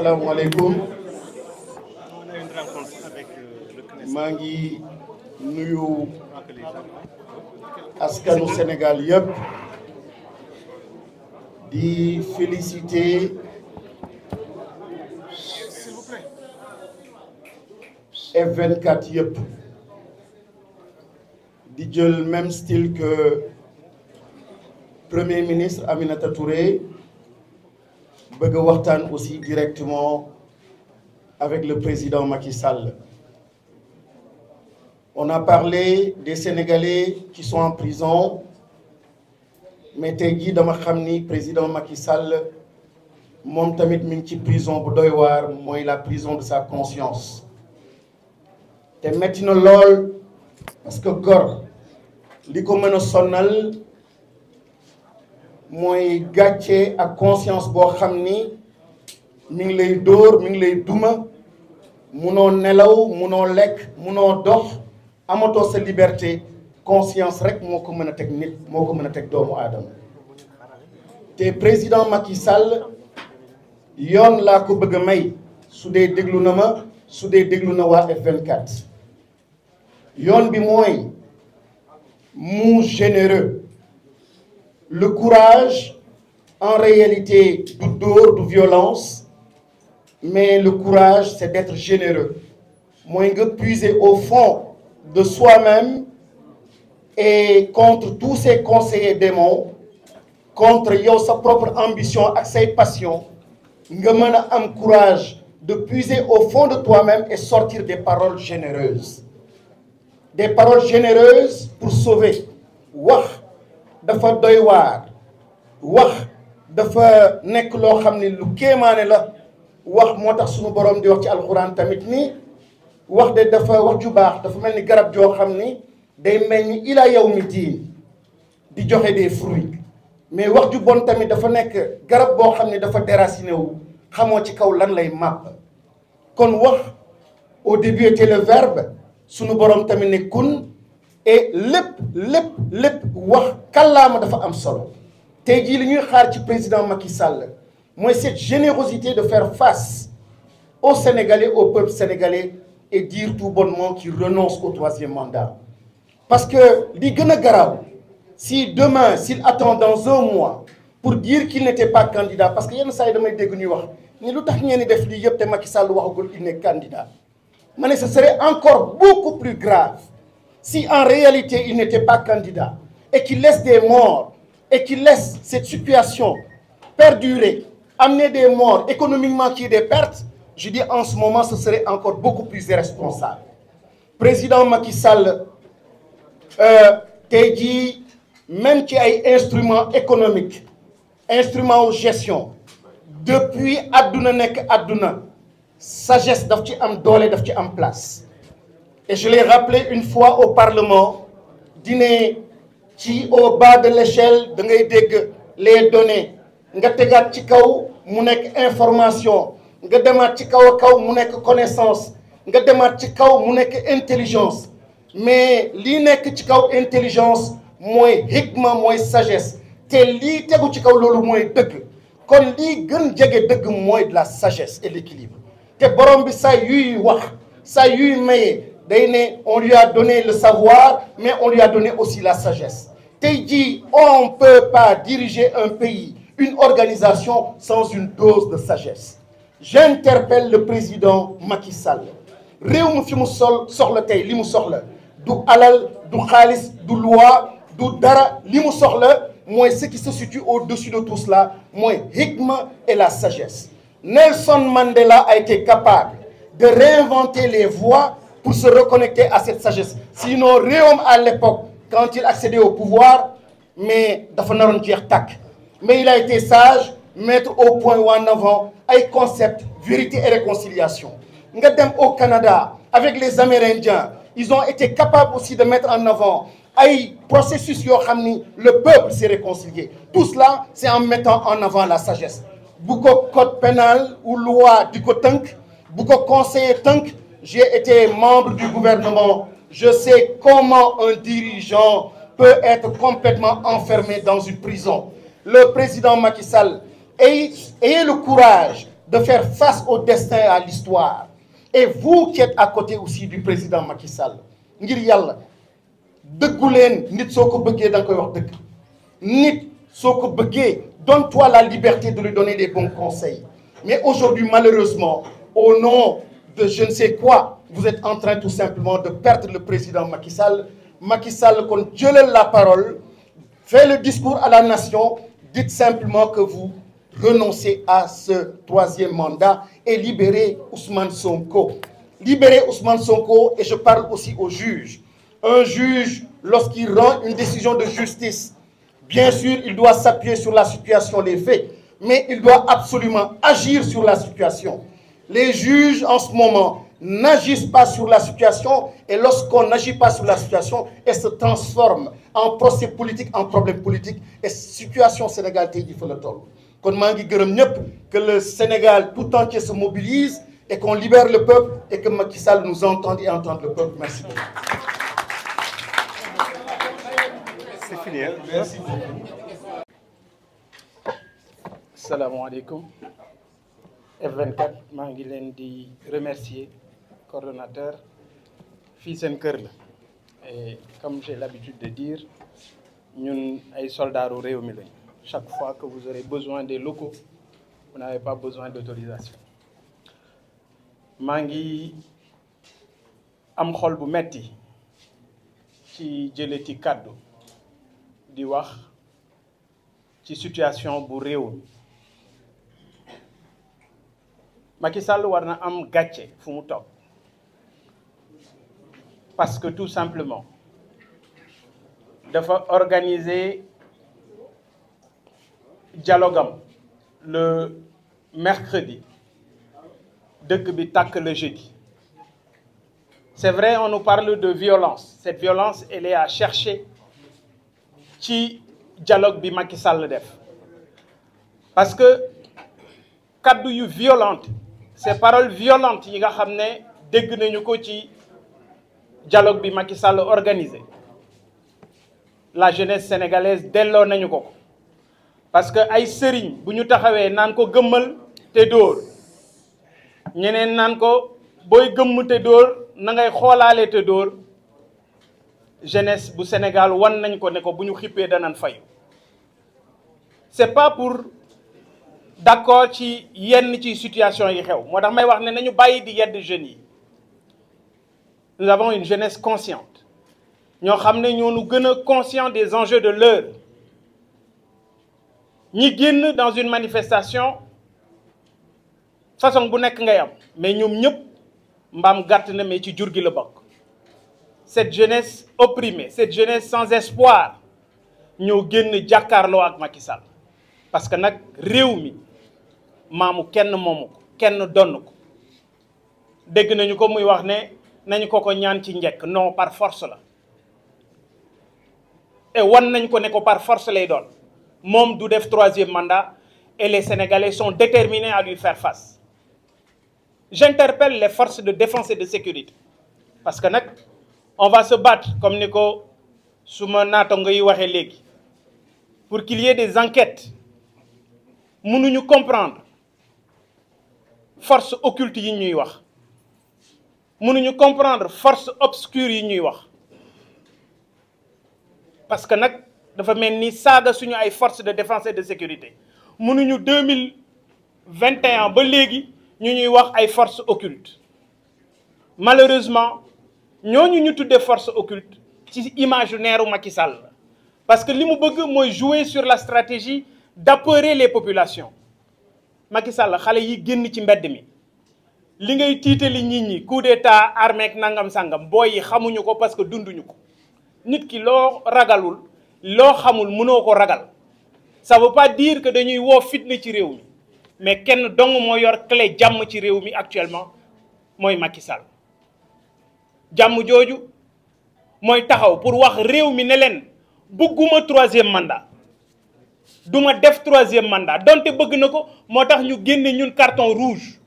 asalaamaaleykum maa ngi nuyu askanu Sénégal yëpp di féliciter F24 yëpp di jël même style que premier ministre Aminata Touré. bëgg waxtaan aussi directement avec le président Macky Sall. On a parlé des Sénégalais qui sont en prison mais te jii dama xam ni président Macky Sall moom tamit mi ngi ci prison bu doy waar mooy la prison de sa conscience. te metti lool parce que gor li ko mën a sonnal. mooy gàcce ak conscience boo xam ni mu ngi lay dóor mi ngi lay duma munoo nelaw munoo lekk munoo dox amatoo sa liberté conscience rek moo ko mën a teg nit moo ko mën a teg doomu aadama te président Macky Sall yoon laa ko bëgg a may su dee déglu na ma su dee déglu na waa F24 yoon bi mooy mu généreux le courage, en réalité, du dóor du violence mais le courage c'est d'être généreux mooy que puiser au fond de soi-même et contre tous ces conseillers démons contre yow sa propre ambition ak say passion nga mën a am courage de puiser au fond de toi-même et sortir des paroles généreuses des paroles généreuses pour sauver wax dafa doy waar wax dafa nekk loo xam ne lu kéemaane la wax moo tax suñu boroom di wax ci alxuraan tamit nii wax de dafa wax ju baax dafa mel ni garab joo xam ni day meññ ila mi diin di joxe de fruits mais wax ju bon tamit dafa nekk garab boo xam ne dafa déraciné wu xamoo ci kaw lan lay màpp kon wax au début était le verbe suñu boroom tamit ne kun et lépp lépp lépp wax kallaama dafa am solo tey jii li ñuy xaar ci président Macky Sall mooy cette générosité de faire face aux Sénégalais au peuple sénégalais et dire tout bonnement qu'il renonce au troisième mandat parce que li gën a garaaw si demain s'il attend dans un mois pour dire qu'il n'était pas candidat parce que yenn saa damay dégg nuy wax ni lu tax ngeen di def lii yëpp te Macky Sall waxagul il n'est candidat ma ne ce serait encore beaucoup plus grave si en réalité il n'était et qui laisse des morts et qui laisse cette situation perdurer, amener des morts économiquement qui est des pertes, je dis en ce moment ce serait encore beaucoup plus irresponsable. Président Macky Sall euh, tey jii même ci ay instruments économiques instruments wu gestion depuis àdduna nekk àdduna sagesse daf ci am doole daf ci am place et je l'ai rappelé une fois au Parlement dine ci au bas de l'échelle da ngay dégg les données nga tegaat ci kaw mu nekk information nga demaat ci kaw a kaw mu nekk connaissance nga demaat ci kaw mu nekk intelligence mais lii nekk ci kaw intelligence mooy hikma mooy sages te lii tegu ci kaw loolu mooy dëgg kon lii gën jege dëgg mooy la sagesse et l'équilibre te borom bi saa yuy wax saa yuy maye day on lui a donné le savoir mais on lui a donné aussi la sagesse tey jii on ne peut pas diriger un pays une organisation sans une dose de sagesse j'interpelle le président Macky Sall réew mi fi mu sol soxla tey li mu soxla du alal du xaalis du loi du dara li mu soxla mooy ce qui se situe au-dessus de tout cela mooy hikma et la sagesse Nelson Mandela a été capable de réinventer les voies pour se reconnecter à cette sagesse sinon réewam à l'époque quand il accédait au pouvoir mais dafa naroon jeex tàkk mais il a été sage mettre au point ou en avant ay concept vérité et réconciliation nga dem au Canada avec les Amérindiens ils ont été capables aussi de mettre en avant ay processus yoo xam ni le peuple s'est réconcilié tout cela c'est en mettant en avant la sagesse bu ko code pénal ou loi di ko tënk bu ko j'ai été membre du gouvernement, je sais comment un dirigeant peut être complètement enfermé dans une prison. Le président Macky Sall, ayez, ayez le courage de faire face au destin à l'histoire. Et vous qui êtes à côté aussi du président Macky Sall ngir yàlla dëggu leen nit soo ko bëggee da nga koy wax dëgg nit soo ko bëggee donne-toi la liberté de lui donner des bons conseils mais aujourd'hui malheureusement au nom de je ne sais quoi vous êtes en train tout simplement de perdre le président Macky Sall Macky Sall kon jëlal la parole fait le discours à la nation dites simplement que vous renoncez à ce troisième mandat et libérez Ousmane Sonko libérez Ousmane Sonko et je parle aussi aux juges un juge lorsqu'il rend une décision de justice bien sûr il doit s'appuyer sur la situation des faits mais il doit absolument agir sur la situation Les juges en ce moment n'agissent pas sur la situation et lorsqu'on n'agit pas sur la situation, et se transforme en procès politique, en problème politique et situation Sénégal tey jii la toll. kon maa ngi gërëm ñëpp que le Sénégal tout entier se mobilise et qu'on libère le peuple et que Macky Sall nous entende et entende le peuple merci beaucoup. C'est fini, hein? Merci beaucoup. Salaamaaleykum. F24 maa ngi leen di remercier coordonnateur fii seen kër la et comme j'ai l'habitude de dire ñun ay soldaaru réew mi lañ chaque fois que vous aurez besoin des locaux vous n'avez pas besoin d'autorisation maa ngi am xol bu metti ci jële ci kàddu di wax ci situation bu réew Macky Sall na am gàcce fu mu toog parce que tout simplement dafa organiser dialogue le mercredi dëkk bi tàkk le jeudi c'est vrai on nous parle de violence cette violence elle est à chercher ci dialogue bi Macky Sall def parce que kaddu yu violente ces paroles violentes yi nga xam ne dégg nañu ko ci dialogue bi Macky Sall organisé la jeunesse sénégalaise delloo nañu ko parce que ay sëriñ bu ñu taxawee naan ko gëmmal te dóor ñeneen naan ko booy gëmm te dóor na ngay xoolaale te dóor jeunesse bu Sénégal wan nañ ko ne ko bu ñu xippee danan fay c'est pas pour d'accord ci yenn ci situation yi xew moo tax may wax ne nañu bàyyi di yedd jeunes yi nous avons une jeunesse consciente ñoo xam ne ñoo nu gën a conscient des enjeux de l'heure ñi génn dans une manifestation façon bu nekk ngay am mais ñoom ñëpp mbaam gàtt na mais ci jur gi la bokk cette jeunesse opprimée cette jeunesse sans espoir ñoo génn jàkkaarloo ak Macky parce que nag réew mi maamu kenn moomu ko kenn donn ko dégg nañu ko muy wax ne nañu ko ko ñaan ci njekk no par force la et wan nañ ko ne ko par force lay doon moom du def troisième mandat et les Sénégalais sont déterminés à lui faire face j'interpelle les forces de défense et de sécurité parce que nag on va se battre comme ni ko su ma naatango yi waxee léegi pour qu'il y des enquêtes mënuñu comprendre force occulte yi ñuy wax mënuñu comprendre force obscure yi ñuy wax parce que nag dafa mel ni saaga suñu ay force de défense et de sécurité munuñu deux mille vingt et ba léegi ñu ñuy wax ay forces occultes malheureusement ñooñu ñu tuddee force occulte ci imaginaire u Macky la parce que li mu bëgg mooy jouer sur la stratégie d'apeurer les populations Macky Sall xale yi génn ci mbedd mi li ngay tiitali nit ñi coup d'état armée ak nangam sangam booy xamuñu ko parce que dunduñu ko nit ki loo ragalul loo xamul mënoo ko ragal ça veut pas dire que dañuy woo fitne ci réew mi mais kenn dong moo yor clé jàmm ci réew mi actuellement mooy Macky jàmm jooju mooy taxaw pour wax réew mi ne leen bëgguma troisième mandat du ma def troisième mandat donte bëgg na ko moo tax ñu génne ñun carton rouge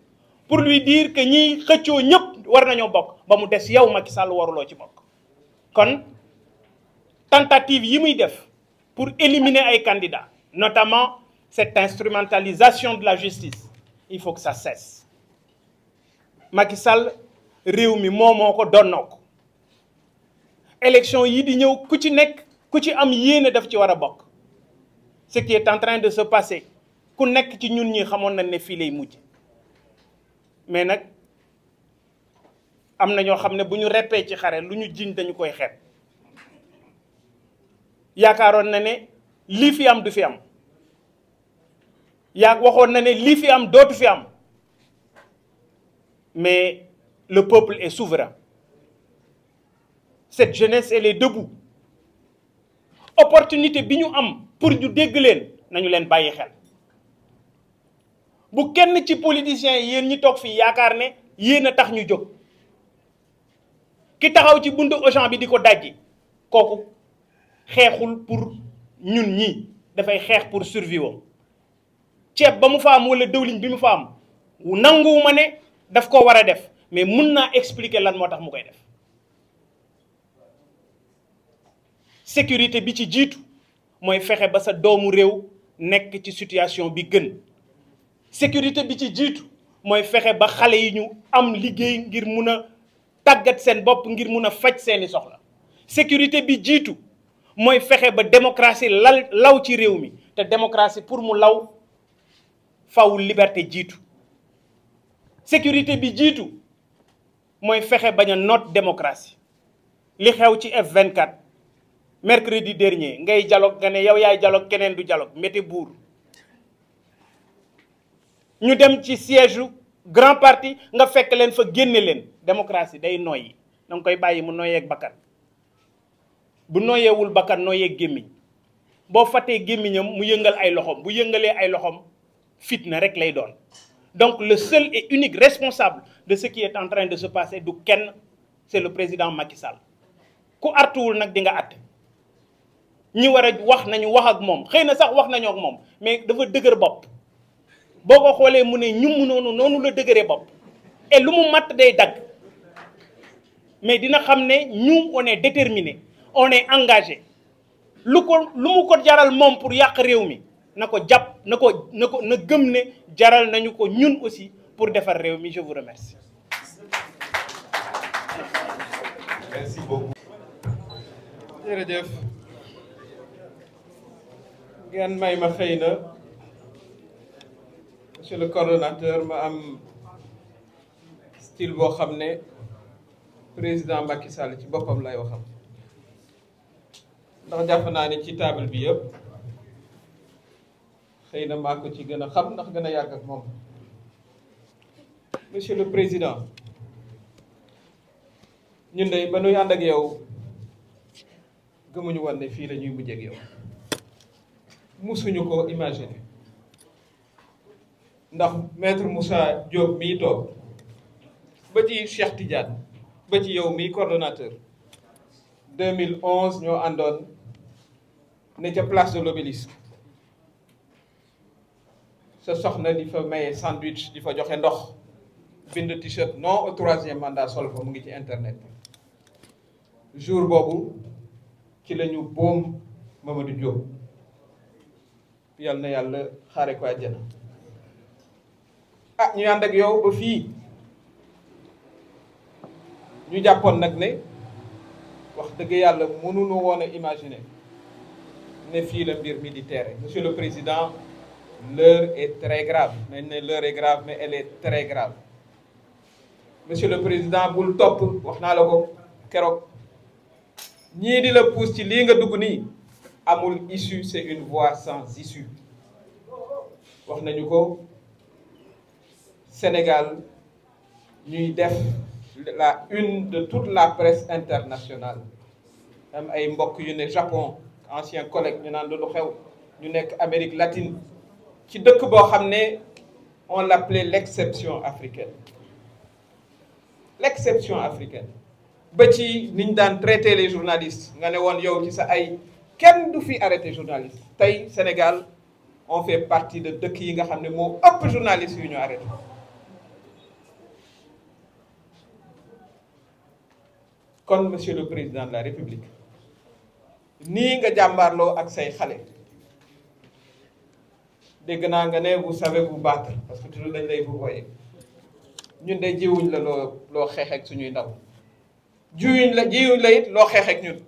pour lui dire que ñiy xëccoo ñëpp war nañoo bokk ba mu des yow Macky Sall waruloo ci bokk kon tentative yi muy def pour éliminer ay candidats notamment cette instrumentalisation de la justice il faut que ça cesse Macky Sall réew mi moo moo ko donnoo ko élection yi di ñëw ku ci nekk ku ci am yéene daf ci war a bokk ce qui est en train de se passer ku nekk ci ñun ñi xamoon nañ ne fii lay mujj mais nag am na ñoo xam ne bu ñu reppee ci xare lu ñu jiñ dañu koy xet yaakaaroon na ne lii fi am du fi am yaa waxoon na ne lii fi am dootu fi am mais le peuple est souverain cette jeunesse elle est debout opportunité bi ñu am pour ju dégg leen nañu leen bàyyi xel bu kenn ci politiciens yéen ñi toog fii yaakaar ne yéen a tax ñu jóg ki taxaw ci buntu Auchan bi di ko dajji kooku xeexul pour ñun ñi dafay xeex pour survivre ceeb ba mu fa am wala dëwlin bi mu fa am wu nanguwuma ne daf ko war a def mais mun naa expliquer lan moo tax mu koy def sécurité bi ci jiitu mooy fexe ba sa doomu réew nekk ci situation bi gën sécurité bi ci jiitu mooy fexe ba xale yi ñu am liggéey ngir mun a tàggat seen bopp ngir mun a faj seeni soxla sécurité bi jiitu mooy fexe ba démocratie lal law ci réew mi te démocratie pour mu law faw liberté jiitu sécurité bi jiitu mooy fexe bañ noot démocratie li xew ci f mercredi dernier ngay dialogue nga ne yow yaay dialogue keneen du dialogue mété buur ñu dem ci siège grand parti nga fekk leen fa génne leen démocratie day noyyi da nga koy bàyyi mu noyyeeg bakkan bu noyyeewul bakkan noyyeeg gémmiñ boo fattee gémmiñam mu yëngal ay loxoom bu yëngalee ay loxoom fitna rek lay doon donc le seul et unique responsable de ce qui en train de se passer du kenn c'est le président Macky Sall ku artuwul nag di nga àtt ñi war a wax nañu wax ak moom xëy na sax wax nañoo ak moom mais dafa dëgër bopp boo ko xoolee mu ne ñum noonu noonu la dëgëree bopp et lu mu matt day dagg mais dina xam ne ñu on est déterminé on est engagé lu ko lu mu ko jaral moom pour yàq réew mi na ko jàpp na ko na ko na gëm ne jaral nañu ko ñun aussi pour defar réew mi je vous remercie. merci beaucoup. ngeen may ma xëy na monsieur le coordonnateur ma am style boo xam ne président Macky Sall ci boppam lay waxam ndax jàpp naa ne ci taabal bi yëpp xëy na maa ko ci gën a xam ndax gën a yàgg ak moom monsieur le président ñun de ba nuy ànd ak yow gëmuñu woon ne fii la ñuy mujjee ak musuñu ko imaginer ndax maître Moussa Diop mii toog ba ci Cheikh Tidiane ba ci yow mii coordonnateur 2011 ñoo àndoon ne ca place de l'obélisque sa soxna di fa maye sandwich di fa joxe ndox bind t-shirt non au troisième mandat sol fa mu ngi ci internet jour boobu ci lañu ñu boom Mamadou Diop yal na yàlla xaare ko àjjana ah ñu ànd yow ba fii ñu jàppoon nag ne wax dëgg yàlla mënuñu woon a imaginer ne fii la mbir militaire monsieur le président l'heure est très grave nañ ne l'heure est grave mais elle est très grave monsieur le président bul topp wax naa la ko keroog ñii di la pousse ci lii nga dugg nii amul issue c'est une voie sans issue wax nañu ko Sénégal ñuy def la une de toute la presse internationale ay mbokk yu ne Japon ancien collègue ñu naan lu xew ñu nekk Amérique latine ci dëkk boo xam ne on l'appelait l'exception africaine l'exception africaine ba ci niñ daan traiter les journalistes nga ne woon yow ci sax ay kenn du fi arrêté journaliste tey Sénégal on fait partie de dëkk yi nga xam ne moo ëpp journaliste yu ñu arrêté kon monsieur le président de la république nii nga jàmbaarloo ak say xale dégg naa nga ne vous savez bu battre parce que toujours dañ lay vous voyez ñun de jiwuñ la loo loo xeex ak suñuy ndaw jiwuñ la jiwuñ la loo xeex ak ñun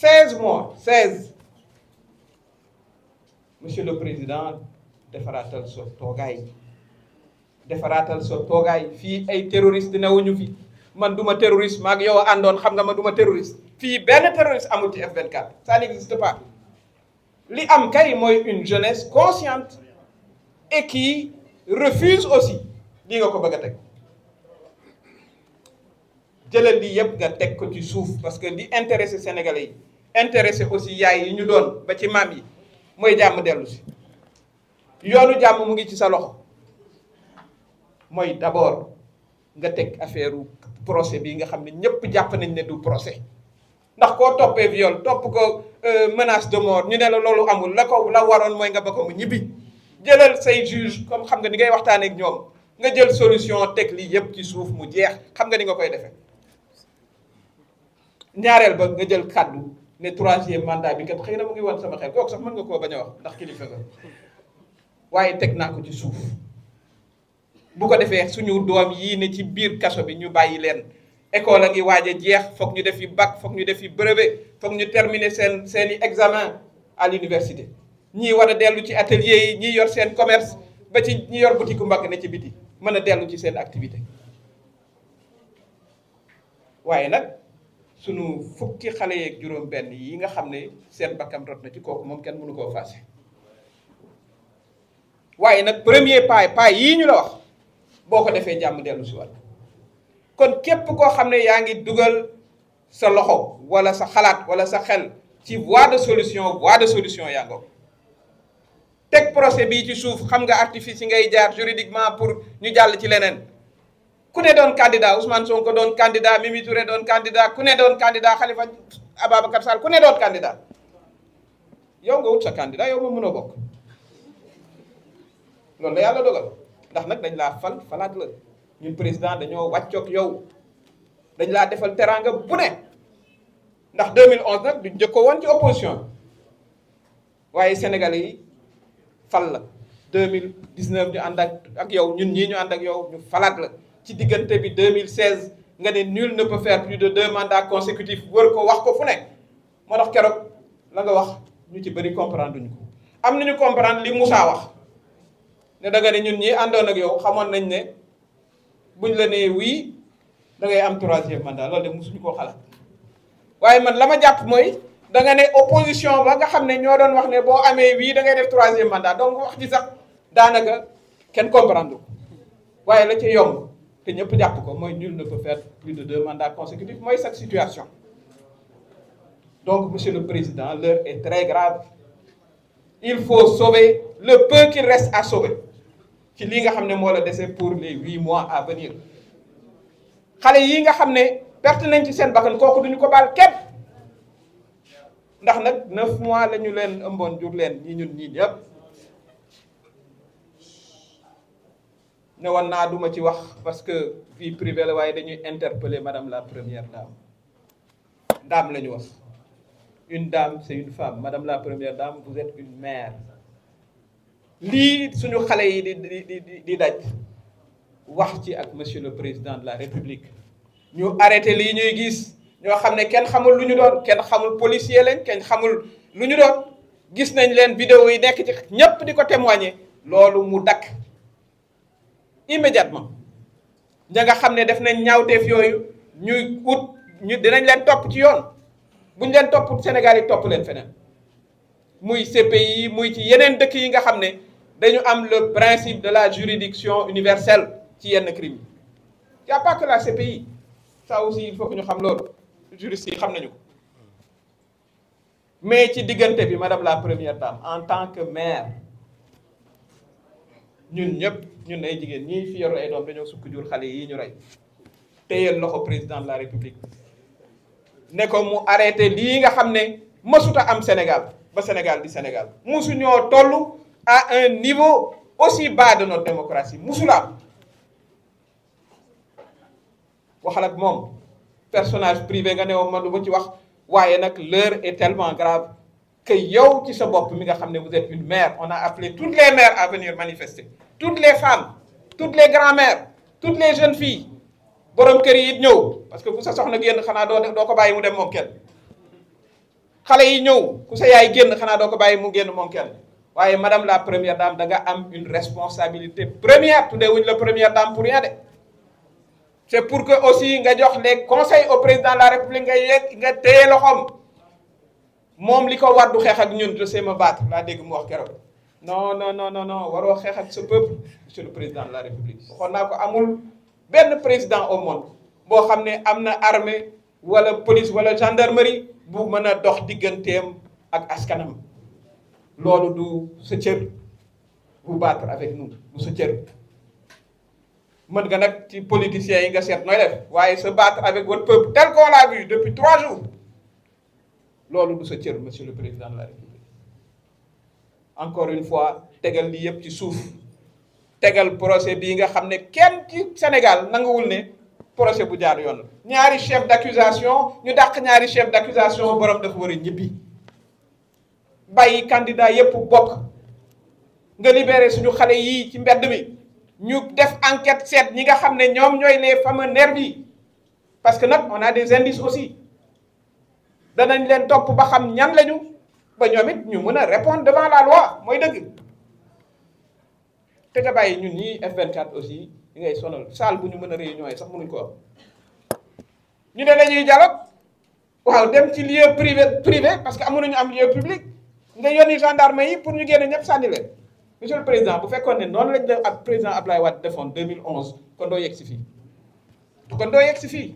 seize mois seize monsieur le président defaraatal sa toogaay defaraatal sa toogaay fii ay terroriste newuñu fi man duma terroriste maag yow a àndoon xam nga ma duma terroriste fii benn terroriste amul ci F24 ça n'existe pas li am kay mooy une jeunesse consciente et qui refuse aussi lii nga ko bëgg a teg jëlal lii yëpp nga teg ko ci suuf parce que li intéressé sénégalais yi intéressé aussi yaay yi ñu doon ba ci maam yi mooy jàmm dellu si yoonu jàmm mu ngi ci sa loxo mooy d'abord nga teg affaire procès bi nga xam ne ñëpp jàpp nañ ne du procès ndax koo toppee viol topp ko euh, menace de mort ñu ne la loolu amul la ko la waroon mooy nga ba ko ñibbi jëlal say juge comme xam nga ni ngay waxtaanee ñoom nga jël solution teg lii yëpp ci suuf mu jeex xam nga ni nga koy defee ñaareel ba nga jël kàddu. ne troisième mandat bi kat xëy na mu ngi wan sama xel kooku sax mën nga koo bañ a wax ndax kilifa nga waaye teg naa ko ci suuf bu ko defee suñu doom yii ne ci biir kaso bi ñu bàyyi leen école a ngi waaj jeex foog ñu def yi bac foog ñu def fi brevet foog ñu terminer seen seen i examen à l'université ñii war a dellu ci atelier yi ñii yor seen commerce ba ci ñi yor boutique mbagg ne ci biti mën a dellu ci seen activité waaye nag. sunu fukki xale yeeg juróom-benn yi nga xam ne seen bakkan rot na ci kooku moom kenn mënu koo faase waaye nag premier pas pas yii ñu la wax boo ko defee jàmm dellu si waat kon képp koo xam ne yaa ngi dugal sa loxo wala sa xalaat wala sa xel ci voie de solution voie de solution yaa ngoog teg procès bii ci suuf xam nga artifice yi ngay jaar juridiquement pour ñu jàll ci leneen. ku ne doon candidat Ousmane Sonko doon candidat Mimi Touré doon candidat ku ne doon candidat Khalifa Ababacar Sall ku ne doon candidat yow nga wut sa candidat yow moom mënoo bokk loolu la yàlla dogal ndax nag dañ laa fal falaat la ñun président dañoo wàccoog yow dañ laa defal teraanga bu ne ndax 2011 nag du jëkko woon ci opposition bi waaye sénégalais yi fal la 2019 ñu ànd ak ak yow ñun ñii ñu ànd ak yow ñu falaat la ci diggante bi mille 2016 nga ne nul ne peut faire plus de deux mandats consécutifs wër ko wax ko fu nekk moo tax keroog la nga wax ñu ci bëri comprendre duñu ko am nañu comprendre li Moussa wax ne da nga ne ñun ñi àndoon ak yow xamoon nañ ne buñ la ne wii da ngay am troisième mandat loolu de mosuñu koo xalaat waaye man la ma jàpp mooy da nga ne opposition ba nga xam ne ñoo doon wax ne boo amee wii da ngay def troisième mandat donc wax ci sax daanaka kenn comprendre waaye la ci yomb que ñëpp jàpp ko mooy nul ne peut faire plus de deux mandats consécutifs mooy cette situation donc monsieur le président l'heure est très grave il faut sauver le peu qu'il reste à sauver ci li nga xam ne moo la dese pour les huit mois à venir xale yi nga xam ne perte nañ ci seen bakkan kooku duñu ko baal képp ndax nag neuf mois la ñu leen ëmboon jur leen ñi ñun ñii ne woon naa duma ci wax parce que vie privée la waaye dañuy interpeller madame la première dame dame la ñu wax une dame c'est une femme madame la première dame vous êtes une mère lii suñu xale yi di di di di daj wax ci ak monsieur le président de la république ñu arrêté li ñuy gis ñoo xam ne kenn xamul lu ñu doon kenn xamul policier lañ kenn xamul lu ñu doon gis nañ leen vidéo yi nekk ci ñépp di ko témoigner loolu mu dakk immédiatement ña nga xam ne def nañ ñaawteef yooyu ñuy ut ñu dinañ leen topp ci yoon buñ leen topp Sénégal yi topp leen feneen muy CPI muy ci yeneen dëkk yi nga xam ne dañu am le principe de la juridiction universelle ci yenn crime yi y a pas que la CPI aussi il faut ñu xam loolu juriste yi xam nañu ko mais ci diggante bi madame la première dame en tant que maire ñun ñëpp ñun ay jigéen ñii fi yoru ay doom dañoo sukk jur xale yi ñu rey téyal loxo président de la république ne ko mu arrêté lii nga xam ne mësuta am Sénégal ba Sénégal di Sénégal musu ñoo toll à un niveau aussi bas de notre démocratie musula waxal ak moom personnage privé nga ne woon ma du ma ci wax waaye nag leur est tellement grave que yow ci sa bopp mi nga xam ne vous êtes une mère on a appelé toutes les mères à venir manifester toutes les femmes toutes les grand-mères toutes les jeunes filles borom kër yi it ñëw parce que bu sa soxna génn xanaa doo doo ko bàyyi mu dem moom kenn xale yi ñëw ku sa yaay génn xanaa doo ko bàyyi mu génn moom kenn waaye madame la première dame da nga am une responsabilité première tuddee wuñ la première dame pour rien de c'est pour que aussi nga jox les conseils au président de la république nga yegg nga téye moom li ko war du xeex ak ñun je sais me battre laa dégg mu wax keroog non non non non non waroo xeex ak sa peuple monsieur le président de la république waxoon naa ko amul benn président au monde boo xam ne am na armée wala police wala gendarmerie bu mën a dox digganteem ak askanam loolu du sa cër bu battre avec nous du sa cër mën nga nag ci politiciens yi nga seet nooy def waaye sa battre avec votre peuple tel qu'on l'a depuis trois jours loolu du sa cër monsieur le président la république encore une fois tegal li yëpp ci suuf tegal procès bii nga xam ne kenn ci Sénégal nanguwul ne procès bu jaar yoon la ñaari chef d'accusation ñu dàq ñaari chef d'accusation borom dafa war a ñibbi bàyyi candidat yëpp bokk nga libéré suñu xale yi ci mbedd mi ñu def enquête seet ñi nga xam ne ñoom ñooy les fameux nervis yi parce que nag moo naa des indices aussi danañ leen topp ba xam ñan lañu ba ñoom ñu mën a répondre devant la loi mooy dëgg te nga bàyyi ñun ñii F24 aussi ñi ngay sonal salle bu ñu mën a réunion yi sax mënuñ ko am ñu ne dañuy dialogue waaw dem ci lieu privé privé parce que amuñu am lieu public nga yónni gendarme yi pour ñu génne ñëpp sànni leen monsieur président bu fekkoon ne noonu lañ def ak président Ablaye Wade defoon 2011 kon doo yegg si fii kon doo yegg si fii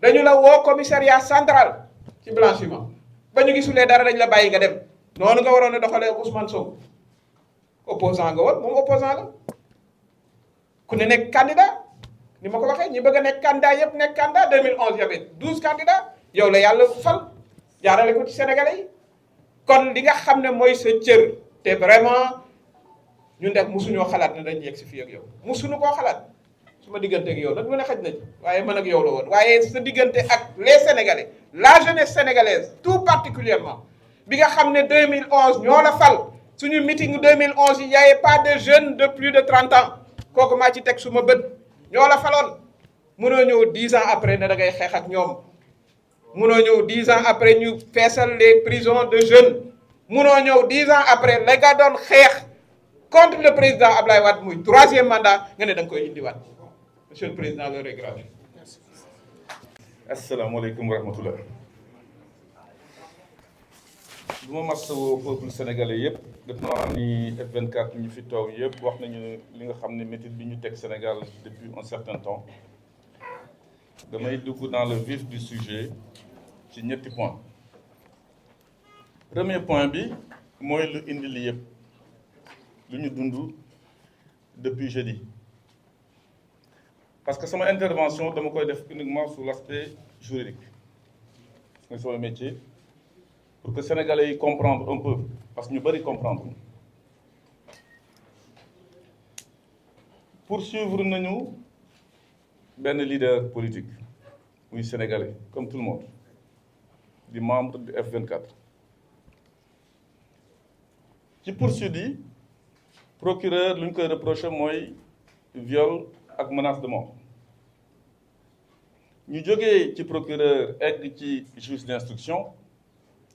dañu la woo commissariat central. ci blanchiment ba ñu gisulee dara dañ la bàyyi nga dem noonu nga waroon a doxalee Ousmane Sonko opposant nga woon moom opposant la ku ne nekk candidat ni ma ko waxee ñi bëgg a nekk candidat yëpp nekk candidat 2011 y avait 12 candidats yow la yàlla fal jaarale ko ci sénégalais kon li nga xam ne mooy sa cër te vraiment ñun def musuñoo xalaat ne dañ yegg si fii ak yow musuñu koo xalaat sama diggante ak yow nag lu ne xaj na ci waaye mën ak yow la woon waaye sa diggante ak les sénégalais la jeunesse sénégalaise tout particulièrement bi nga xam ne 2011 ñoo la fal suñu meeting 2011 yi y'avait pas de jeunes de plus de 30 ans kooku maa ci teg su ma bët ñoo la faloon mënoo ñëw dix ans après na da ngay xeex ak ñoom mënoo ñëw 10 ans après ñu feesal les prisons de jeunes mënoo ñëw 10 ans après la nga doon xeex contre le président Ablaye Wade muy troisième mandat nga ne koy indiwaat. monsieur le président l'heure est grave asalaamaaleykum wa rahmatullah bu ma marsawoo peuple sénégalais yëpp def naa ni ñu fi toog yëpp wax nañu li nga xam ne métit bi ñu teg Sénégal depuis un certain temps damay dugg dans le vif du sujet ci ñetti point premier point bi mooy lu indi li yëpp lu ñu dund depuis jeudi parce que sama intervention dama koy def uniquement sur l'aspect juridique sama métier pour que sénégalais yi comprendre un peu parce que ñu bëri comprendre poursuivre nañu benn leader politique muy sénégalais comme tout le monde di membre du f ci poursuite yi procureur lu ñu koy reproché mooy viol ak menace de mort ñu jóge ci procureur egg ci juge d'instruction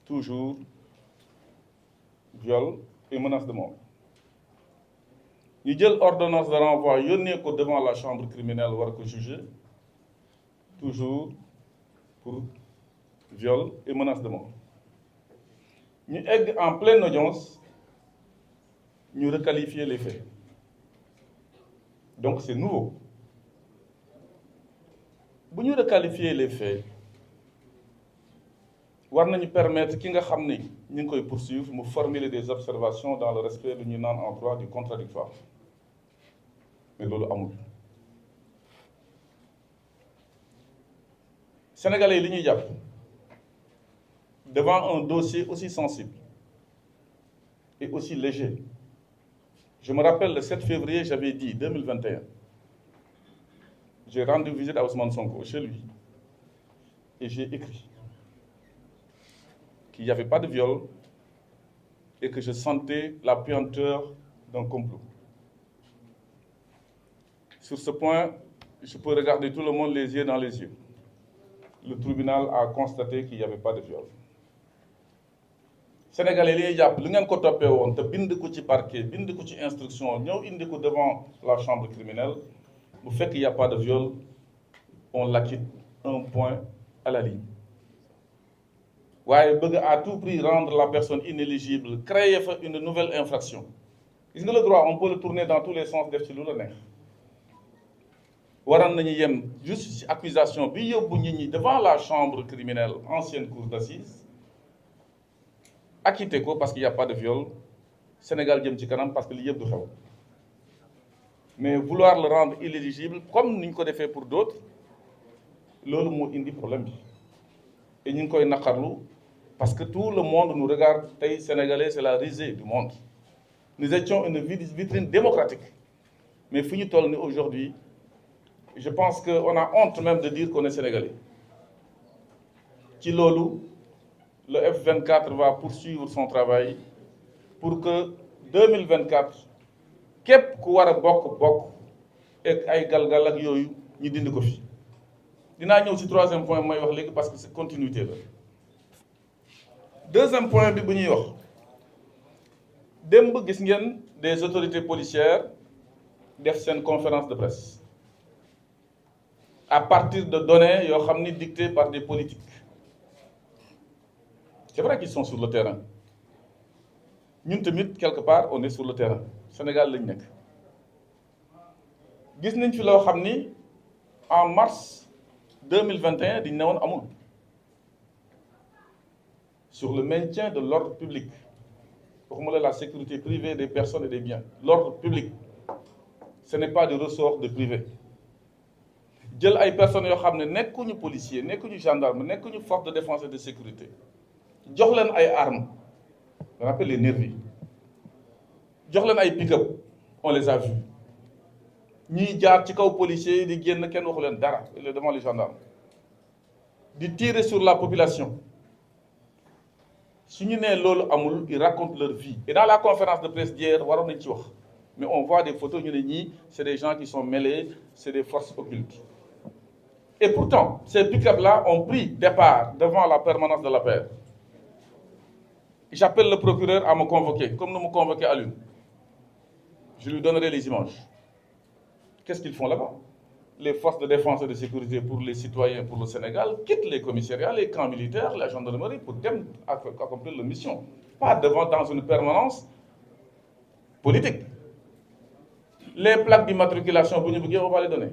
toujours viol et menace de mort ñu jël ordonnance de renvoi yónnee ko devant la chambre criminelle war ko juger toujours pour viol et menace de mort ñu egg en pleine audience ñu requalifier les faits donc c'est nouveau bu ñu requalifier les faits war nañu permettre ki nga xam ni ñu ngi koy poursuivre mu formuler des observations dans le respect lu ñu naan en droit du contradictoire mais loolu amul sénégalais yi li ñuy jàpp devant un dossier aussi sensible et aussi léger Je me rappelle, le 7 février, j'avais dit, 2021, j'ai rendu visite à son Sonko, chez lui, et j'ai écrit qu'il n'y avait pas de viol et que je sentais la puanteur d'un complot. Sur ce point, je peux regarder tout le monde les yeux dans les yeux. Le tribunal a constaté qu'il n'y avait pas de viol. sénégalais li jàpp li ngeen ko toppee woon te bind ko ci parquet bind ko ci instruction ñëw indi ko devant la chambre criminelle bu fekk y a pas de viol on l'acquitte un point à la ligne waaye bëgg à tout prix rendre la personne inéligible créer fa une nouvelle infraction gis nga le droit on peut le tourner dans tous les sens def ci lu la neex waroon nañu yem juste ci accusation bi yóbbu nit ñi devant la chambre criminelle ancienne cour d'assises acquitté ko parce qu'il n'y a pas de viol Sénégal jëm ci kanam parce que li yëpp du xew mais vouloir le rendre inéligible comme ni ñu ko defee pour d'autres loolu moo indi problème bi et ñu ngi koy naqarlu parce que tout le monde nous regarde tey sénégalais c'est la risée du monde nous étions une vitrine démocratique mais fu ñu toll ni aujourd'hui je pense que on a honte même de dire qu'on est sénégalais ci loolu le F24 va poursuivre son travail pour que 2024 képp ku war a bokk-bokk ak ay galgal yooyu ñi dindi ko fi dinaa ñëw si troisième point mooy wax léegi parce que c'est continuité la deuxième point bi bu ñuy wax démb gis ngeen des autorités policières def seen conférence de presse à partir de données yoo xam ni dictées par des politiques c'est vrai qu'ils sont sur le terrain ñun tamit quelque part on est sur le terrain Sénégal lañ nekk gis nañ fi loo xam ni en mars deux mille vingt et un diñ ne woon amul sur le maintien de l'ordre public waxuma la la sécurité privée des personnes et des biens l'ordre public ce n'est pas du ressort de privé jël ay personnes yoo xam ne nekkuñu policier nekkuñu gendarme nekkuñu force de défense et de sécurité jox leen ay armes on rappelle les nervis jox leen ay pick-up on les a vus ñiy jaar ci kaw policiers di génn kenn waxu leen dara devant les gendarmes di tirer sur la population su ñu nee loolu amul ils racontent leur vie et dans la conférence de presse d'hier waroon nañ ci wax mais on voit des photos ñu ne ñii c'est des gens qui sont mêlés c'est des forces occultes et pourtant ces pick-up la ont pris départ devant la permanence de la paix j'appelle le procureur à me convoquer, comme nous me convoquer à lui. Je lui donnerai les images. Qu'est-ce qu'ils font là-bas Les forces de défense et de sécurité pour les citoyens, pour le Sénégal, quittent les commissariats, les camps militaires, la gendarmerie pour accomplir leur mission. Pas devant dans une permanence politique. Les plaques d'immatriculation, on va les donner.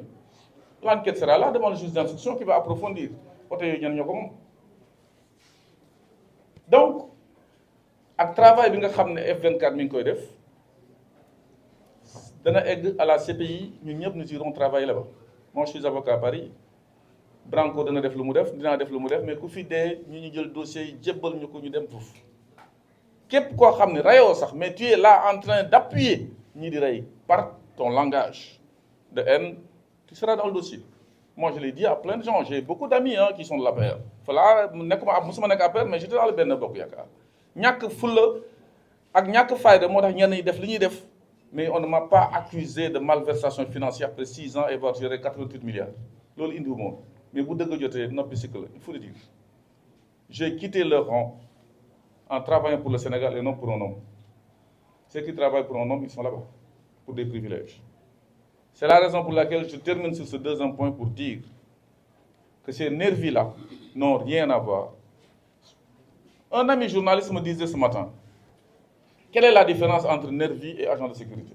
L'enquête sera là devant le juge d'instruction qui va approfondir. Donc, ak travail bi nga xam ne F24 mi ngi koy def dana egg à la CPI ñun ñëpp nous irons travailler là-bas moi je suis avocat à Branco dana def lu mu def dinaa def lu mu def mais ku fi dee ñu ñu jël dossier yi jébbal ñu ko ñu dem foofu képp koo xam ne rayoo sax mais tu es là en train d'appuyer ñii di rey par ton langage de haine tu seras dans l dossier moi je l'ai dit à plein de gens j'ai beaucoup d'amis hein qui sont de l'APR voilà nekkuma ab mosuma nekk APR mais j'étais dans le Benno Bokk Yaakaar ñàkk fulla ak ñàkk fayda moo tax ñenn ñi def li ñuy def mais on ne m'a pas accusé de malversation financière après six ans et voire géré 88 milliards loolu indiwu moom mais bu dëgg jotee noppi sikk la il faut le dire j'ai quitté le rang en travaillant pour le Sénégal et non pour un homme ceux qui travaillent pour un homme ils sont là pour des privilèges c'est la raison pour laquelle je termine sur ce deuxième point pour dire que ces nervis-là n'ont rien à voir Un ami journaliste me disait ce matin, quelle est la différence entre nervi et agent de sécurité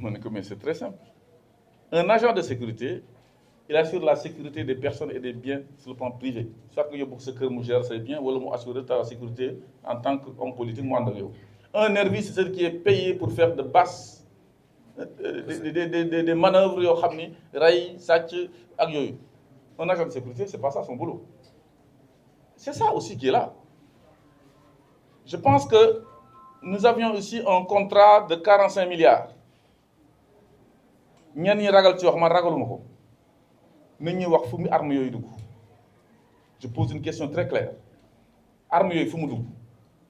Mais c'est très simple. Un agent de sécurité, il assure la sécurité des personnes et des biens sur le plan privé. Soit que pour ce que je gère ses biens, ou assurer la sécurité en tant qu'homme politique. Un nervi, c'est celui qui est payé pour faire de basses euh, des, des, des, des manœuvres, un agent de sécurité, c'est pas ça son boulot. C'est ça aussi qui est là. Je pense que nous avions aussi un contrat de 45 milliards. ñenn ñi ragal ci wax man ragaluma ko nit ñi wax fu mu arme yooyu dugg je pose une question très claire arme yooyu fu mu dugg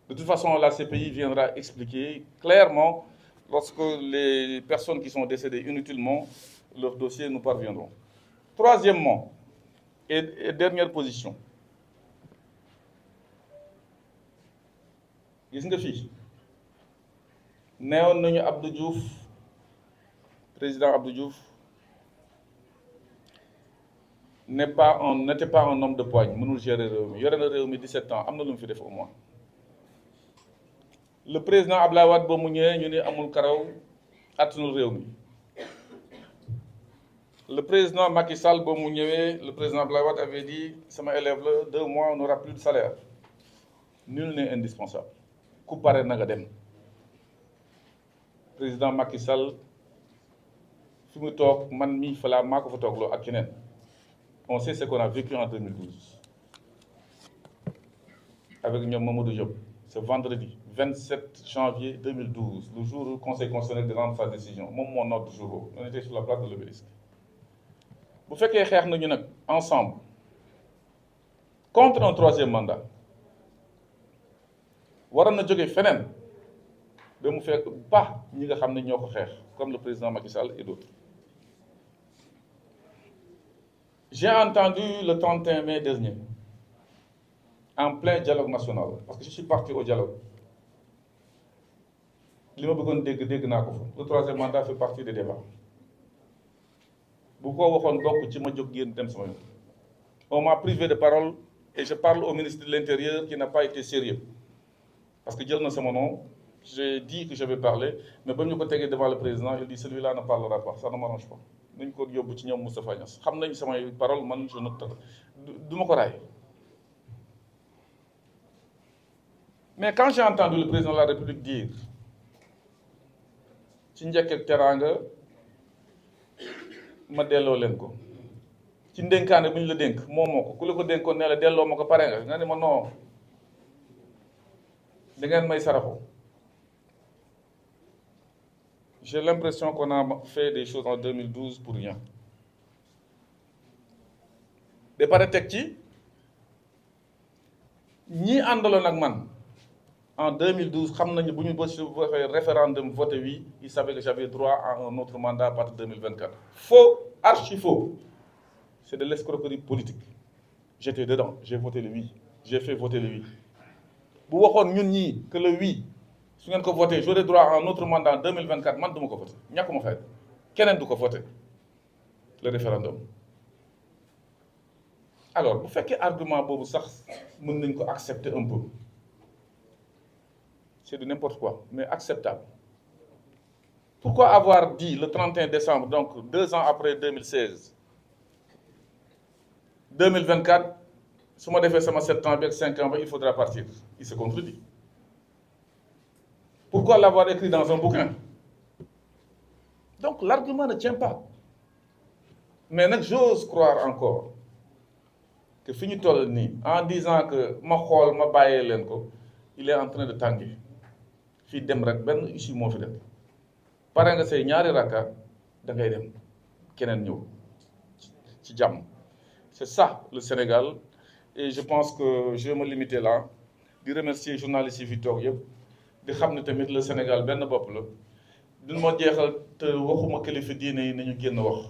de toute façon la CPI viendra expliquer clairement lorsque les personnes qui sont décédées inutilement leurs dossiers nous parviendront troisièmement et, et dernière position gis nga fi neewoon nañu Abdou Diouf président Abdou Diouf n'est pas un n'était pas un homme de poigne mënul gérer réew mi yore na réew mi 17 ans am na lu mu fi def au moins le président Abdoulaye Wade ba mu ñëwee ñu ne amul karaw attanul réew mi le président Macky Sall ba mu ñëwee le président Abdoulaye Wade avait dit sama élève la deux mois on n'aura plus de salaire nul n'est indispensable ku pare na nga dem président Macky Sall fi mu toog man mii falaa maa ko fa toogloo ak keneen on sait ce qu'on a vécu en 2012 avec ñoom Mamadou Diop ce vendredi 27 janvier 2012 le jour où le conseil constitutionnel de rendre sa décision moom moo noot jour on était sur la place de l'obélisque bu fekkee xeex nañu nag ensemble contre un troisième mandat waroon na jóge feneen ba mu fekk baax ñi nga xam ne ñoo ko xeex comme le président Macky Sall et d'autres j'ai entendu le 31 mai dernier en plein dialogue national parce que je suis parti au dialogue li ma bëggoon dégg dégg naa ko fa le troisième mandat fait partie des débats bu ko waxoon bokk ci ma jóg yéen dem sama yoon on m'a privé de parole et je parle au ministre de l'intérieur qui n'a pas été sérieux parce que jël na sama nom j'ai dit que je vais mais ba ñu ko tegee devant le président il dit celui-là ne parlera pas ça ne m'arrange pas nañ ko yóbbu ci ñoom Moustapha Niass xam nañ samay parole man je ne du ma ko raay mais quand j'ai entendu le président de la République dire ci njëkk teraanga ma delloo leen ko ci ndénkaane bu ñu la dénk moom moo ko ku la ko dénkoon ne la delloo ma ko pare nga nga ne ma non da ngeen may saraxu j'ai l'impression qu'on a fait des choses en 2012 pour rien de pare teg ci ñi àndaloon ak man en 2012 xam nañu bu ñu ba waxee référendum voté i ils savaient que j'avais droit à un autre mandat à partir de 2024 faux archi faux c'est de l'escroquerie politique j'étais dedans j'ai voté le oui j'ai fait voter le oui bu waxoon ñun ñii que le oui su ngeen ko voté j'aurai droit à un autre mandat en 2024 man du ma ko voté ñàkkuma fay keneen du ko voté le référendum alors bu fekkee argument boobu sax mën nañ ko accepter un peu c'est de n'importe quoi mais acceptable pourquoi avoir di le 31 décembre donc deux ans après 2016 2024 su ma defee sama sept ans bi ak cinq ans ba il faudra partir il se contredit pourquoi l'avoir écrit dans un bouquin donc l'argument ne tient mais nag j'ose croire encore que fi ñu toll nii en disant que ma xool ma bàyyee leen ko il est en train de tanguer fii dem rek benn issue moo fi def pare nga say ñaari rakka da dem keneen ñëw ci jàmm c'est ça le Sénégal et je pense que je vais limiter là di remercier journalistes yi fi toog yëpp di xam ne tamit le Sénégal benn bopp la duñ ma jeexal te waxuma kilifa diine yi nañu génn wax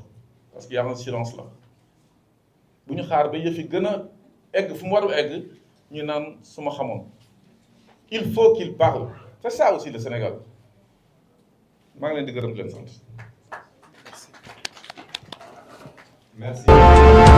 parce que y a un silence là bu ñu xaar ba yëfi gën a egg fu mu war egg ñu naan suma ma xamoon il faut qu'il parle c'est aussi le Sénégal maa ngi leen di gërëm di leen sant